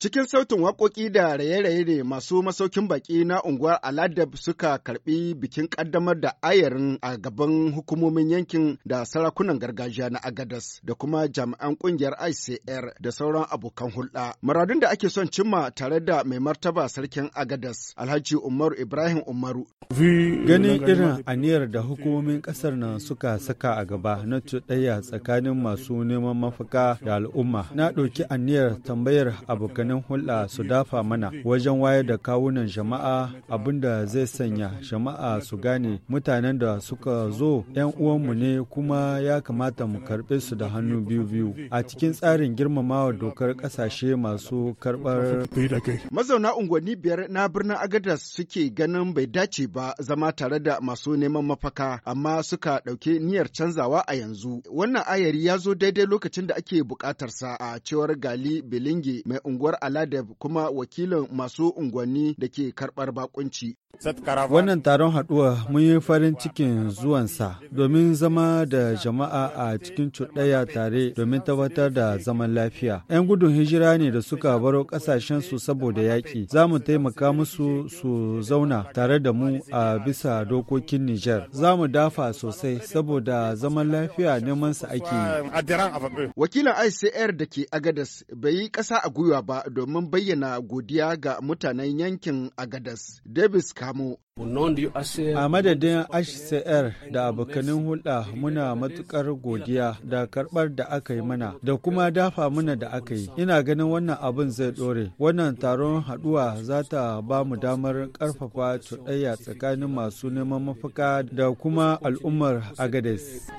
Cikin sautin waƙoƙi da raye-raye ne masu masaukin baƙi na unguwar Aladab suka karɓi bikin ƙaddamar da ayarin a gaban hukumomin yankin da sarakunan gargajiya na Agadas da kuma jami'an ƙungiyar ICR da sauran abokan hulɗa. Muradun da ake son cimma tare da mai martaba sarkin Agadas Alhaji Umaru Ibrahim Umaru. Ganin irin aniyar da hukumomin ƙasar na suka saka a gaba na cuɗayya tsakanin masu neman mafaka da al'umma. Na ɗauki aniyar tambayar abokan abokanin hulɗa su dafa mana wajen wayar da kawunan jama'a abinda zai sanya jama'a su gane mutanen da suka zo 'yan uwanmu ne kuma ya kamata mu karɓe su da hannu biyu-biyu a cikin tsarin girmamawa dokar kasashe masu karɓar. Mazauna unguwanni biyar na birnin Agadas suke ganin bai dace ba zama tare da masu neman mafaka amma suka ɗauki niyyar canzawa a yanzu. Wannan ayari ya zo daidai lokacin da ake buƙatarsa a cewar Gali bilinge mai unguwar aladab kuma wakilin masu unguwanni da ke karɓar bakunci. Wannan taron haɗuwa mun yi farin cikin zuwansa domin zama da jama'a a cikin cuɗaya tare domin tabbatar da zaman lafiya. 'Yan gudun hijira ne da suka baro ƙasashensu saboda yaƙi. Za mu taimaka musu su zauna tare da mu a bisa dokokin Nijar. Za mu dafa sosai saboda zaman lafiya neman su ake yi. Wakilin ICR da ke Agadas bai yi ƙasa a gwiwa ba domin bayyana godiya ga mutanen yankin Agadas. Davis kamu A madadin HCR da abokanin hulɗa muna matuƙar godiya da karɓar da aka yi mana da kuma dafa mana da aka yi. Ina ganin wannan abin zai ɗore. Wannan taron haɗuwa za ta ba mu damar karfafa cuɗayya tsakanin masu neman mafaka da kuma al'ummar Agades.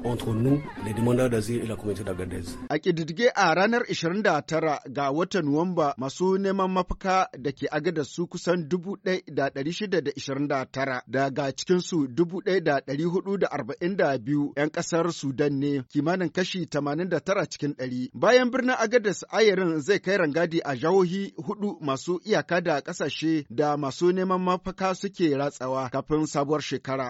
A ƙididdige a ranar 29 ga watan Nuwamba masu neman mafaka da ke Agades su kusan tara daga cikinsu dubu ɗaya da ɗari hudu da arba'in da biyu 'yan ƙasar Sudan ne kimanin kashi tamanin da tara cikin ɗari. Bayan birnin Agadas ayarin zai kai rangadi a jihohi hudu masu iyaka da ƙasashe da masu neman mafaka suke ratsawa kafin sabuwar shekara.